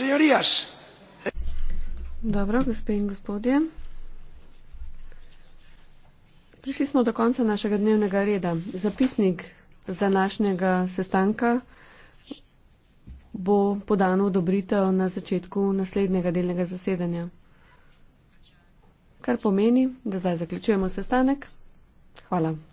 señorías. Dobro, gospe in gospodje. Prišli smo do konca našega dnevnega reda. Zapisnik z današnjega sestanka bo podano odobritev na začetku naslednjega delnega zasedanja. Kar pomeni, da zdaj zaključujemo sestanek. Hvala.